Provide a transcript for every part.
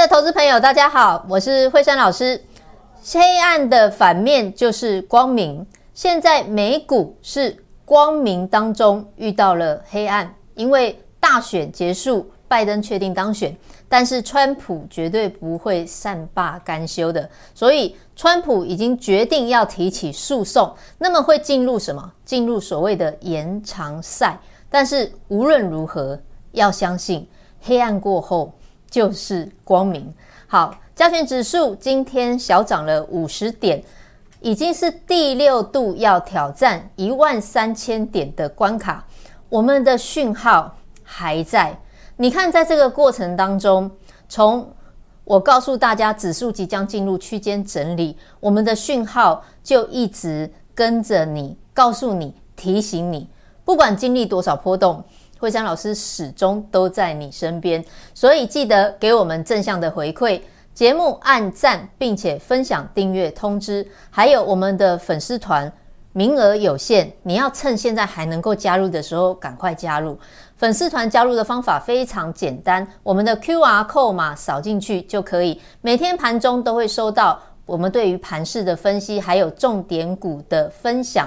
的投資朋友，大家好，我是惠珊老師。黑暗的反面就是光明。現在美股是光明當中遇到了黑暗，因為大選結束，拜登確定當選，但是川普絕對不會善罷甘休的，所以川普已經決定要提起訴訟，那麼會進入什麼？進入所謂的延長賽。但是無論如何，要相信黑暗過後。就是光明。好，加權指數今天小漲了五十點，已經是第六度要挑戰一萬三千點的關卡。我們的訊號還在。你看，在這個過程當中，從我告訴大家指數即將進入區間整理，我們的訊號就一直跟着你，告訴你、提醒你，不管經歷多少波動。惠珊老師始終都在你身邊，所以記得給我們正向的回饋，節目按讚，並且分享、訂閱、通知，還有我們的粉絲團，名額有限，你要趁現在還能夠加入的時候趕快加入粉絲團。加入的方法非常簡單，我們的 QR 碼掃進去就可以。每天盤中都會收到我們對於盤勢的分析，還有重點股的分享。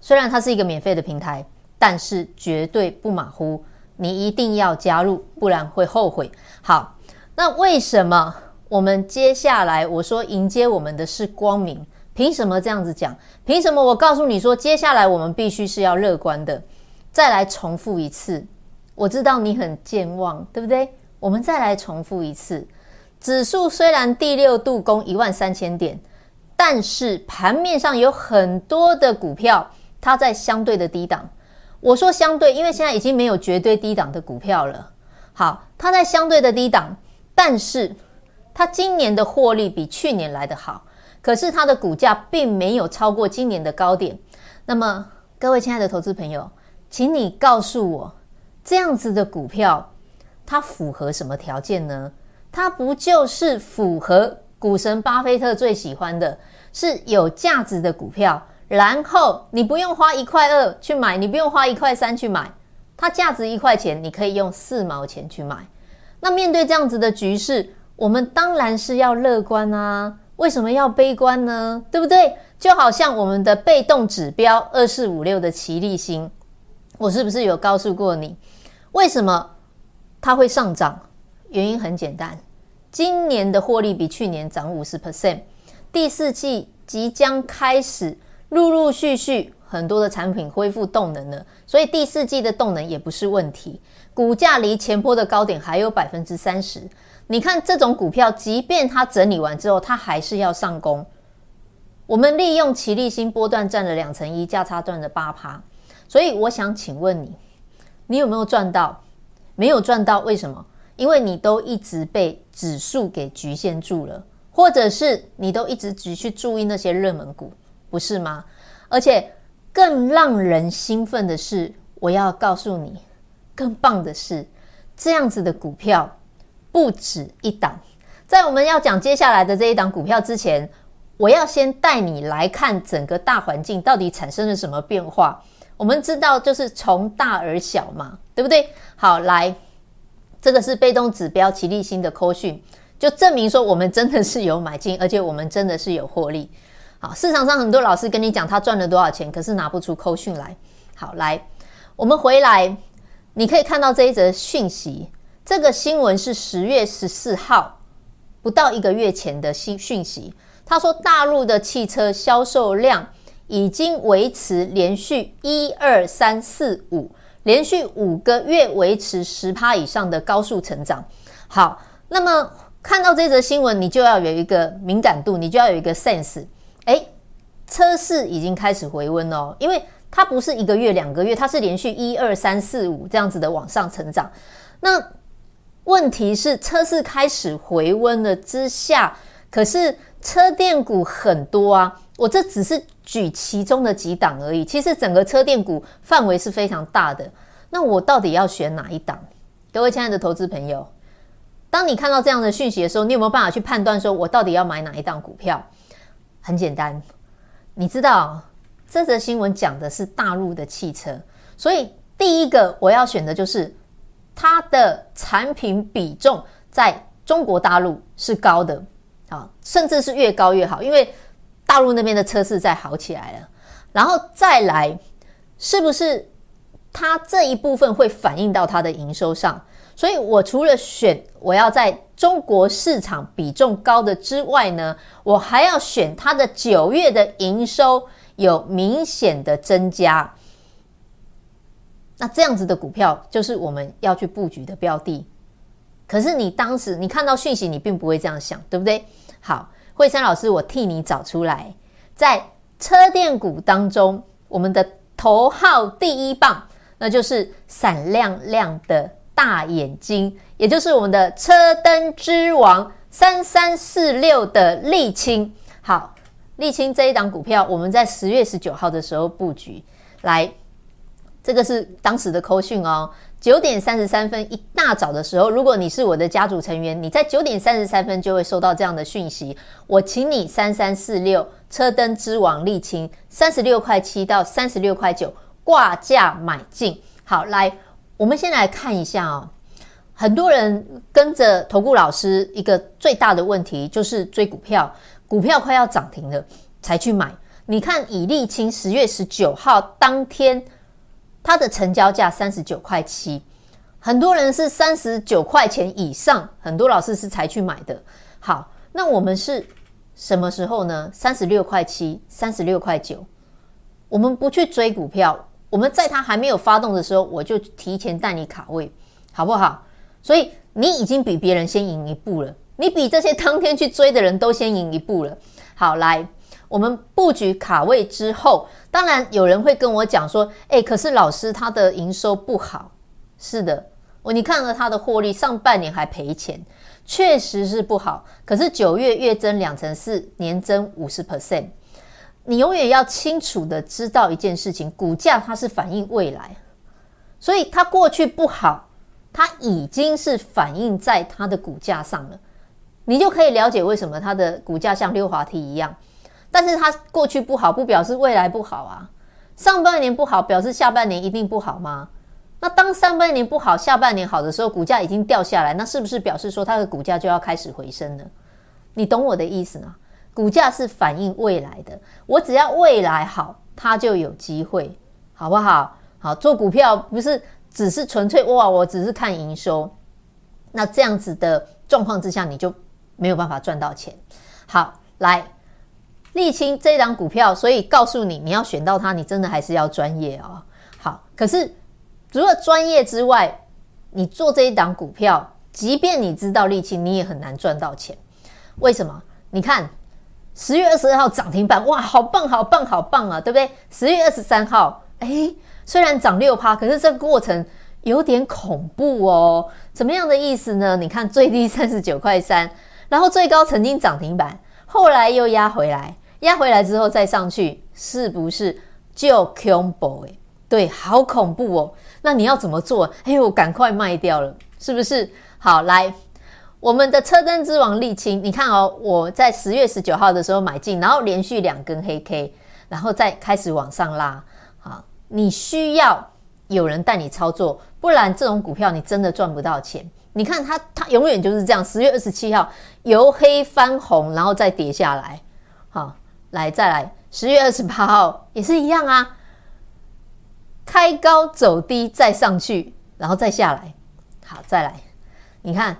雖然它是一個免費的平台。但是絕對不馬虎，你一定要加入，不然會後悔。好，那為什麼我們接下來我說迎接我們的是光明？憑什麼這樣子講？憑什麼我告訴你說接下來我們必須是要樂觀的？再來重複一次，我知道你很健忘，對不對？我們再來重複一次。指數雖然第六度攻一萬三千點，但是盤面上有很多的股票它在相對的低檔。我說相對，因為現在已經沒有絕對低檔的股票了。好，它在相對的低檔，但是它今年的獲利比去年來的好，可是它的股價並沒有超過今年的高點。那麼，各位親愛的投資朋友，請你告訴我，這樣子的股票它符合什麼條件呢？它不就是符合股神巴菲特最喜歡的是有價值的股票？然後你不用花一塊二去買，你不用花一塊三去買，它價值一塊錢，你可以用四毛錢去買。那面對這樣子的局勢，我們當然是要樂觀啊！為什麼要悲觀呢？對不對？就好像我們的被動指標二四五六的奇力新，我是不是有告訴過你，為什麼它會上漲？原因很簡單，今年的獲利比去年漲五十 percent，第四季即將開始。陸陸續續很多的產品恢復動能了，所以第四季的動能也不是問題。股價離前波的高點還有百分之三十。你看這種股票，即便它整理完之後，它還是要上攻。我們利用奇力新波段占了兩成一，價差賺了八趴。所以我想請問你，你有沒有賺到？沒有賺到，為什麼？因為你都一直被指數給局限住了，或者是你都一直只去注意那些熱門股。不是嗎？而且更讓人興奮的是，我要告訴你，更棒的是，這樣子的股票不止一檔。在我們要講接下來的這一檔股票之前，我要先帶你來看整個大環境到底產生了什麼變化。我們知道，就是從大而小嘛，對不對？好，來，這個是被動指標，齊力新的扣訊就證明說，我們真的是有買進，而且我們真的是有獲利。好，市場上很多老師跟你講他賺了多少錢，可是拿不出扣訊來。好，來，我們回來，你可以看到這一則訊息。這個新聞是十月十四號，不到一個月前的新訊息。他說，大陸的汽車銷售量已經維持連續一二三四五，連續五個月維持十趴以上的高速成長。好，那麼看到這則新聞，你就要有一個敏感度，你就要有一個 sense。車市已經開始回溫了哦，因為它不是一個月、兩個月，它是連續一二三四五這樣子的往上成長。那問題是，車市開始回溫了之下，可是車電股很多啊，我這只是舉其中的幾檔而已。其實整個車電股範圍是非常大的。那我到底要選哪一檔？各位親愛的投資朋友，當你看到這樣的訊息的時候，你有沒有辦法去判斷說，我到底要買哪一檔股票？很簡單。你知道，這則新聞講的是大陸的汽車，所以第一個我要選的就是它的產品比重在中國大陸是高的，啊，甚至是越高越好，因為大陸那邊的車市在好起來了。然後再來，是不是它這一部分會反映到它的營收上？所以我除了選我要在中國市場比重高的之外呢，我還要選它的九月的營收有明顯的增加。那這樣子的股票就是我們要去布局的標的。可是你當時你看到訊息，你並不會這樣想，對不對？好，惠珊老師，我替你找出來，在車電股當中，我們的頭號第一棒，那就是閃亮亮的。大眼睛，也就是我們的車燈之王三三四六的麗清，好，麗清這一檔股票，我們在十月十九號的時候佈局，來，這個是當時的 Call 訊哦，九點三十三分一大早的時候，如果你是我的家族成員，你在九點三十三分就會收到這樣的訊息，我請你三三四六車燈之王麗清三十六塊七到三十六塊九掛價買進，好來。我們先來看一下啊、哦，很多人跟着投顧老師一個最大的問題就是追股票，股票快要漲停了才去買。你看麗清十月十九號當天它的成交價三十九塊七，很多人是三十九塊錢以上，很多老師是才去買的。好，那我們是什麼時候呢？三十六塊七，三十六塊九，我們不去追股票。我們在他還沒有發動的時候，我就提前帶你卡位，好不好？所以你已經比別人先贏一步了，你比這些當天去追的人都先贏一步了。好，來，我們布局卡位之後，當然有人會跟我講說，誒、欸，可是老師他的營收不好。是的，我你看了他的獲利，上半年還賠錢，確實是不好。可是九月月增兩成四，年增五十 percent。你永遠要清楚的知道一件事情，股價它是反映未來，所以它過去不好，它已經是反映在它的股價上了，你就可以了解為什麼它的股價像溜滑梯一樣。但是它過去不好，不表示未來不好啊。上半年不好，表示下半年一定不好嗎？那當上半年不好，下半年好的時候，股價已經掉下來，那是不是表示說它的股價就要開始回升了？你懂我的意思嗎？股價是反映未來的，我只要未來好，它就有機會，好不好？好，做股票不是只是純粹，哇，我只是看營收。那這樣子的狀況之下，你就沒有辦法賺到錢。好，來麗清這一檔股票，所以告訴你，你要選到它，你真的還是要專業哦。好，可是除了專業之外，你做這一檔股票，即便你知道麗清，你也很難賺到錢。為什麼？你看。十月二十二號漲停板，哇，好棒，好棒，好棒啊，對不對？十月二十三號，誒，雖然漲六趴，可是這個過程有點恐怖哦。怎麼樣的意思呢？你看最低三十九塊三，然後最高曾經漲停板，後來又壓回來，壓回來之後再上去，是不是就恐怖？哎、欸，對，好恐怖哦。那你要怎麼做？哎呦，我趕快賣掉了，是不是？好，來。我們的車燈之王麗清，你看哦，我在十月十九號的時候買進，然後連續兩根黑 K，然後再開始往上拉。好、啊，你需要有人帶你操作，不然這種股票你真的賺不到錢。你看它，它永遠就是這樣。十月二十七號由黑翻紅，然後再跌下來。好、啊，來再來，十月二十八號也是一樣啊，開高走低再上去，然後再下來。好，再來，你看。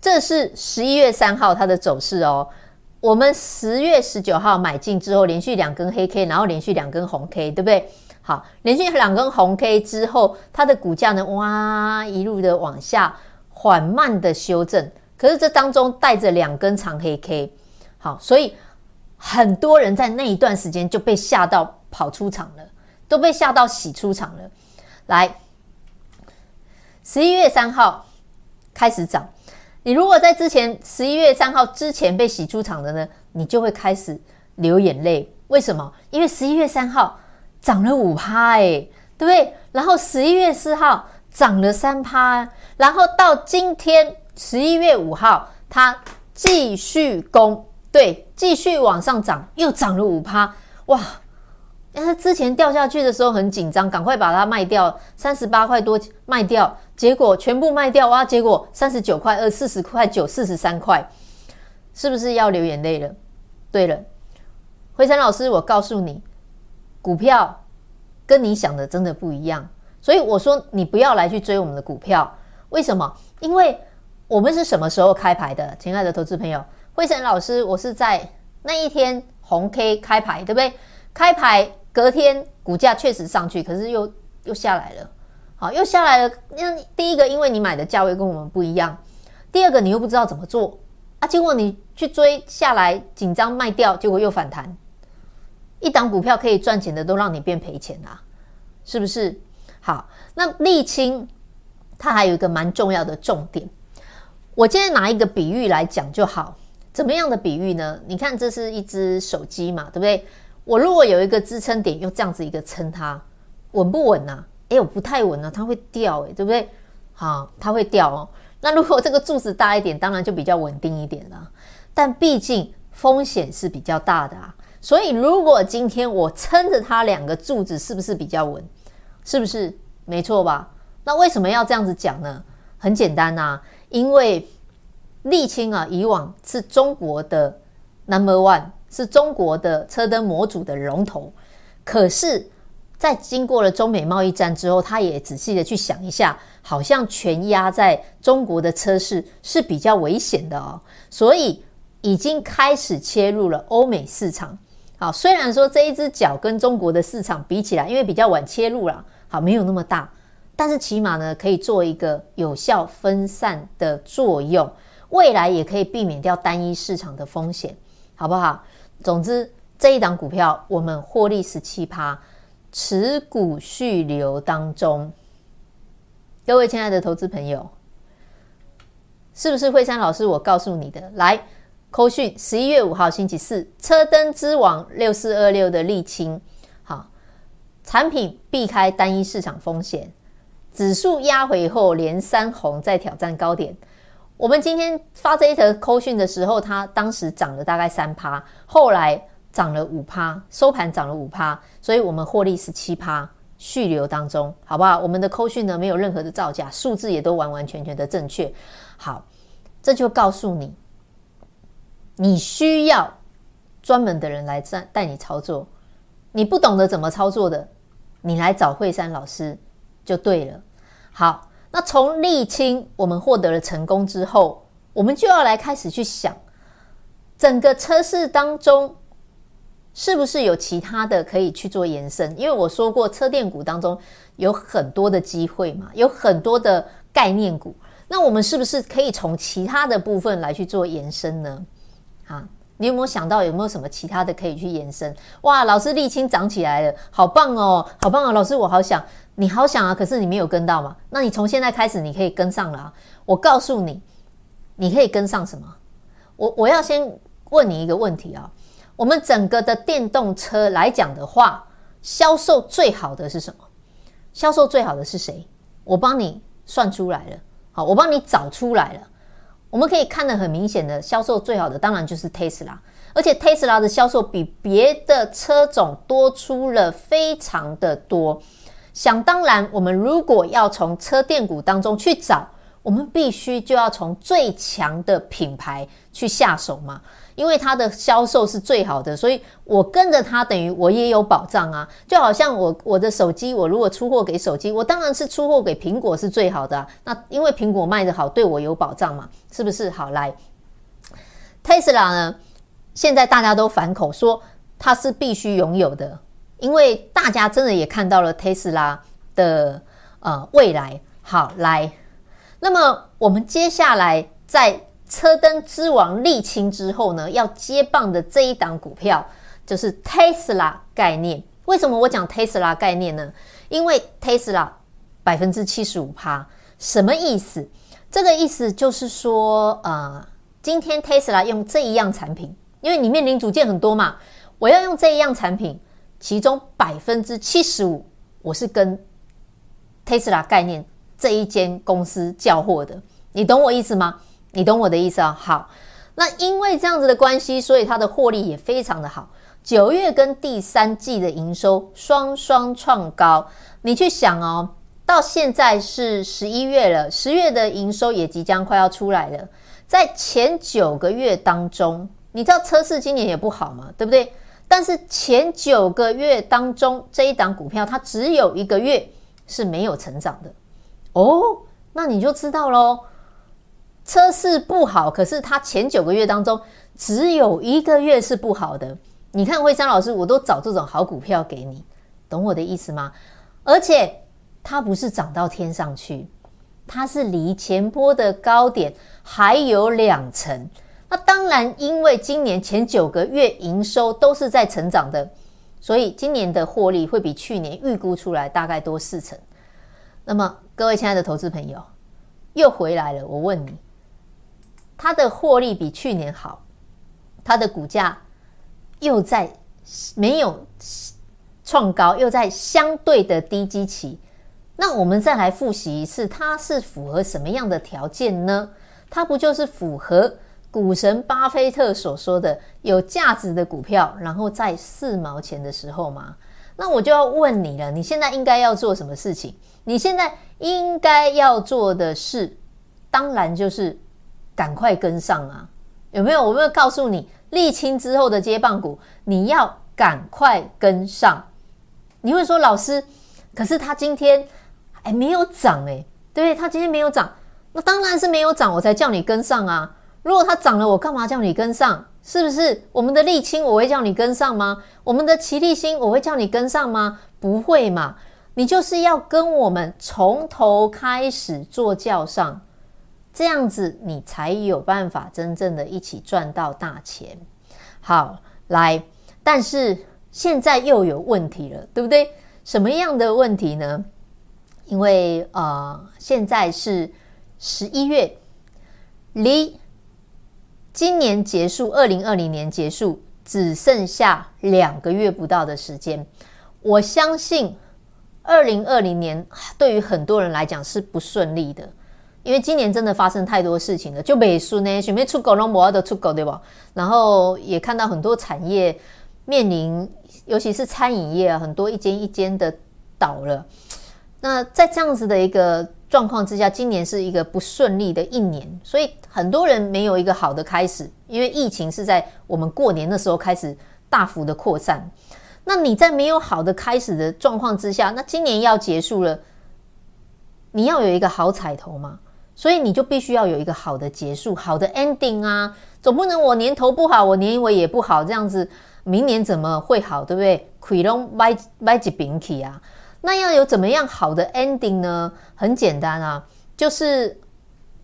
這是十一月三號它的走勢哦。我們十月十九號買進之後，連續兩根黑 K，然後連續兩根紅 K，對不對？好，連續兩根紅 K 之後，它的股價呢，哇，一路的往下，緩慢的修正。可是這當中帶着兩根長黑 K，好，所以很多人在那一段時間就被嚇到跑出場了，都被嚇到洗出場了。來，十一月三號開始漲。你如果在之前十一月三號之前被洗出場的呢，你就會開始流眼淚。為什麼？因為十一月三號漲了五趴誒，欸、對不對？然後十一月四號漲了三趴，然後到今天十一月五號，它繼續攻，對，繼續往上漲，又漲了五趴。哇！但是之前掉下去的時候很緊張，趕快把它賣掉，三十八塊多賣掉。結果全部賣掉哇、啊！結果三十九塊二、四十塊九、四十三塊，是不是要流眼淚了？對了，惠珊老師，我告訴你，股票跟你想的真的不一樣。所以我說你不要來去追我們的股票。為什麼？因為我們是什麼時候開牌的，親愛的投資朋友？惠珊老師，我是在那一天紅 K 開牌，對不對？開牌隔天股價確實上去，可是又又下來了。好，又下來了。那第一個，因為你買的價位跟我們不一樣；第二個，你又不知道怎麼做啊。結果你去追下來，緊張賣掉，結果又反彈。一檔股票可以賺錢的，都讓你變賠錢啦、啊，是不是？好，那麗清它還有一個蠻重要的重點。我今天拿一個比喻來講就好，怎麼樣的比喻呢？你看，這是一只手機嘛，對不對？我如果有一個支撐點，用這樣子一個撐它，穩不穩啊？哎，我不太穩了、哦，它會掉，對不對？好、啊，它會掉哦。那如果這個柱子大一點，當然就比較穩定一點了，但畢竟風險是比較大的啊。所以如果今天我撐着它兩個柱子，是不是比較穩？是不是？沒錯吧？那為什麼要這樣子講呢？很簡單吶、啊，因為麗清啊，以往是中國的 number one，是中國的車燈模組的龍頭，可是，在經過了中美貿易戰之後，他也仔細的去想一下，好像全押在中國的車市是比較危險的哦，所以已經開始切入了歐美市場。好，雖然說這一隻腳跟中國的市場比起來，因為比較晚切入了，好，沒有那麼大，但是起碼呢可以做一個有效分散的作用，未來也可以避免掉單一市場的風險，好不好？總之這一檔股票我們獲利十七趴。持股蓄流當中，各位親愛的投資朋友，是不是惠珊老師我告訴你的？來，扣訊十一月五號星期四，車燈之王六四二六的麗清，好，產品避開單一市場風險，指數壓回後連三紅再挑戰高點。我們今天發這一則扣訊的時候，它當時漲了大概三趴，後來。漲了五趴，收盤漲了五趴，所以我們獲利十七趴，去留當中，好不好？我們的扣訊呢，沒有任何的造假，數字也都完完全全的正確。好，這就告訴你，你需要專門的人來帶帶你操作，你不懂得怎麼操作的，你來找惠珊老師就對了。好，那從麗清我們獲得了成功之後，我們就要來開始去想整個車市當中。是不是有其他的可以去做延伸？因為我說過，車燈股當中有很多的機會嘛，有很多的概念股。那我們是不是可以從其他的部分來去做延伸呢？啊，你有沒有想到，有沒有什麼其他的可以去延伸？哇，老師，麗清漲起來了，好棒哦，好棒哦，老師，我好想，你好想啊，可是你沒有跟到嘛？那你從現在開始你可以跟上了啊。我告訴你，你可以跟上什麼？我我要先問你一個問題啊。我們整個的電動車來講的話，銷售最好的是什麼？銷售最好的是誰？我幫你算出來了，好，我幫你找出來了。我們可以看得很明顯的，銷售最好的當然就是 Tesla，而且 Tesla 的銷售比別的車種多出了非常的多。想當然，我們如果要從車電股當中去找，我們必須就要從最強的品牌去下手嘛。因為他的銷售是最好的，所以我跟着他，等於我也有保障啊。就好像我我的手機，我如果出貨給手機，我當然是出貨給蘋果是最好的啊。那因為蘋果賣得好，對我有保障嘛，是不是？好，來，Tesla 呢？現在大家都反口說它是必須擁有的，因為大家真的也看到了 Tesla 的呃未來。好，來，那麼我們接下來再，車燈之王麗清之後呢，要接棒的這一檔股票就是 Tesla 概念。為什麼我講 Tesla 概念呢？因為 Tesla 百分之七十五趴，什麼意思？這個意思就是說，呃，今天 Tesla 用這一樣產品，因為裡面零組件很多嘛，我要用這一樣產品，其中百分之七十五我是跟 Tesla 概念這一間公司叫貨的，你懂我意思嗎？你懂我的意思啊？好，那因為這樣子的關係，所以它的獲利也非常的好。九月跟第三季的營收雙雙創高，你去想哦，到現在是十一月了，十月的營收也即將快要出來了。在前九個月當中，你知道車市今年也不好嘛，對不對？但是前九個月當中，這一檔股票它只有一個月是沒有成長的哦，那你就知道嘍。車市不好，可是它前九個月當中只有一個月是不好的。你看，惠珊老師，我都找這種好股票給你，懂我的意思嗎？而且它不是漲到天上去，它是離前波的高點還有兩成。那當然，因為今年前九個月營收都是在成長的，所以今年的獲利會比去年預估出來大概多四成。那麼，各位親愛的投資朋友又回來了，我問你。它的獲利比去年好，它的股價又在沒有創高，又在相對的低基期。那我們再來複習一次，它是符合什麼樣的條件呢？它不就是符合股神巴菲特所說的有價值的股票，然後在四毛錢的時候嗎？那我就要問你了，你現在應該要做什麼事情？你現在應該要做的事，當然就是。趕快跟上啊！有沒有？我沒有告訴你，麗清之後的接棒股，你要趕快跟上。你會說老師，可是他今天哎、欸、沒有漲誒、欸，對不對？他今天沒有漲，那當然是沒有漲，我才叫你跟上啊！如果他漲了，我幹嘛叫你跟上？是不是？我們的麗清我會叫你跟上嗎？我們的奇力新我會叫你跟上嗎？不會嘛！你就是要跟我們從頭開始坐轎上。這樣子，你才有辦法真正的一起賺到大錢。好，來，但是現在又有問題了，對不對？什麼樣的問題呢？因為啊、呃，現在是十一月，離今年結束、二零二零年結束只剩下兩個月不到的時間。我相信，二零二零年對於很多人來講是不順利的。因為今年真的發生太多事情了，就美蘇呢，全面出口，然後摩出口，對吧？然後也看到很多產業面臨，尤其是餐飲業啊，很多一間一間的倒了。那在這樣子的一個狀況之下，今年是一個不順利的一年，所以很多人沒有一個好的開始，因為疫情是在我們過年的時候開始大幅的擴散。那你在沒有好的開始的狀況之下，那今年要結束了，你要有一個好彩頭嗎？所以你就必須要有一個好的結束，好的 ending 啊，總不能我年頭不好，我年尾也不好，這樣子明年怎麼會好，對不對？虧龍買買幾餅啊？那要有怎麼樣好的 ending 呢？很簡單啊，就是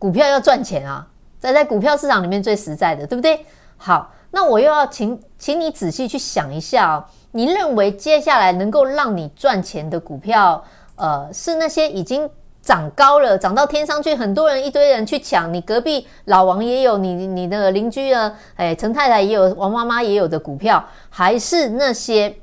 股票要賺錢啊，在在股票市場裡面最實在的，對不對？好，那我又要請請你仔細去想一下哦，你認為接下來能夠讓你賺錢的股票，呃，是那些已經？長高了，漲到天上去，很多人一堆人去搶。你隔壁老王也有，你你的鄰居啊，哎，陳太太也有，王媽媽也有的股票，還是那些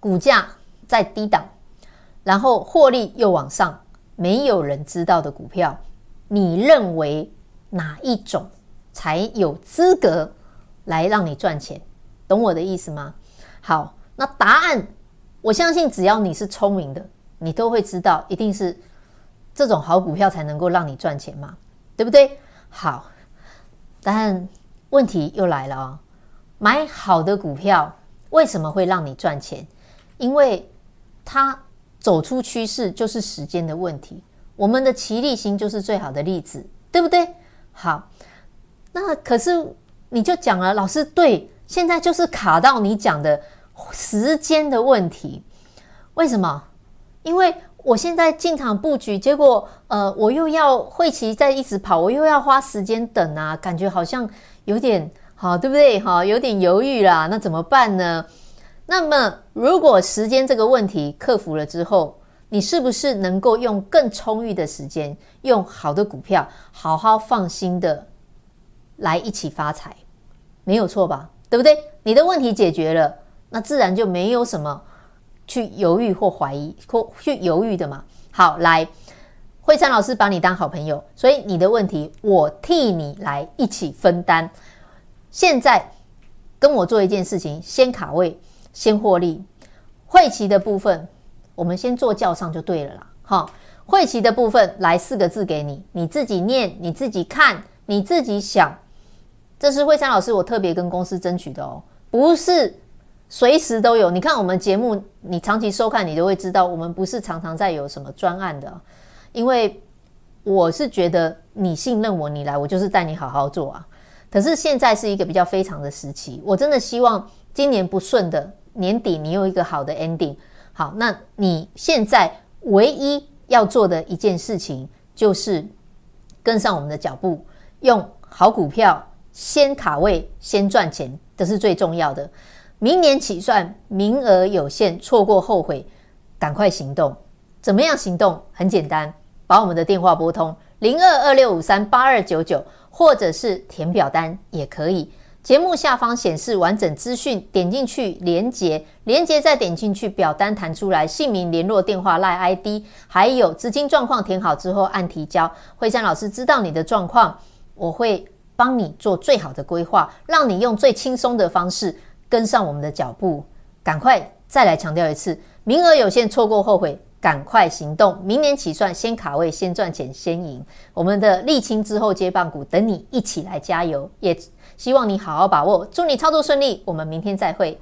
股價在低檔，然後獲利又往上，沒有人知道的股票，你認為哪一種才有資格來讓你賺錢？懂我的意思嗎？好，那答案，我相信只要你是聰明的，你都會知道，一定是。這種好股票才能夠讓你賺錢嘛，對不對？好，但問題又來了啊、哦，買好的股票為什麼會讓你賺錢？因為它走出趨勢就是時間的問題。我們的奇力新就是最好的例子，對不對？好，那可是你就講了，老師對，現在就是卡到你講的時間的問題。為什麼？因為。我現在進場佈局，結果呃，我又要麗清在一直跑，我又要花時間等啊，感覺好像有點好，對不對哈？有點猶豫啦，那怎麼辦呢？那麼如果時間這個問題克服了之後，你是不是能夠用更充裕的時間，用好的股票，好好放心的來一起發財？沒有錯吧？對不對？你的問題解決了，那自然就沒有什麼。去猶豫或懷疑，或去猶豫的嘛？好，來，惠珊老師把你當好朋友，所以你的問題我替你來一起分擔。現在跟我做一件事情，先卡位，先獲利。會籍的部分，我們先做教上就對了啦。哈，會籍的部分，來四個字給你，你自己念，你自己看，你自己想。這是惠珊老師，我特別跟公司爭取的哦、喔，不是。隨時都有，你看我們節目，你長期收看，你都會知道，我們不是常常在有什麼專案的。因為我是覺得你信任我，你來我就是帶你好好做啊。可是現在是一個比較非常的時期，我真的希望今年不順的年底你有一個好的 ending。好，那你現在唯一要做的一件事情就是跟上我們的腳步，用好股票先卡位先賺錢，這是最重要的。明年起算，名額有限，錯過後悔，趕快行動！怎麼樣行動？很簡單，把我們的電話撥通零二二六五三八二九九，99, 或者是填表單也可以。節目下方顯示完整資訊，點進去連結，連結再點進去表單，彈出來姓名、聯絡電話、LINE ID，還有資金狀況填好之後按提交。惠珊老師知道你的狀況，我會幫你做最好的規劃，讓你用最輕鬆的方式。跟上我們的腳步，趕快再來強調一次，名額有限，錯過後悔，趕快行動。明年起算，先卡位，先賺錢，先贏。我們的麗清之後接棒股，等你一起來加油，也希望你好好把握，祝你操作順利。我們明天再會。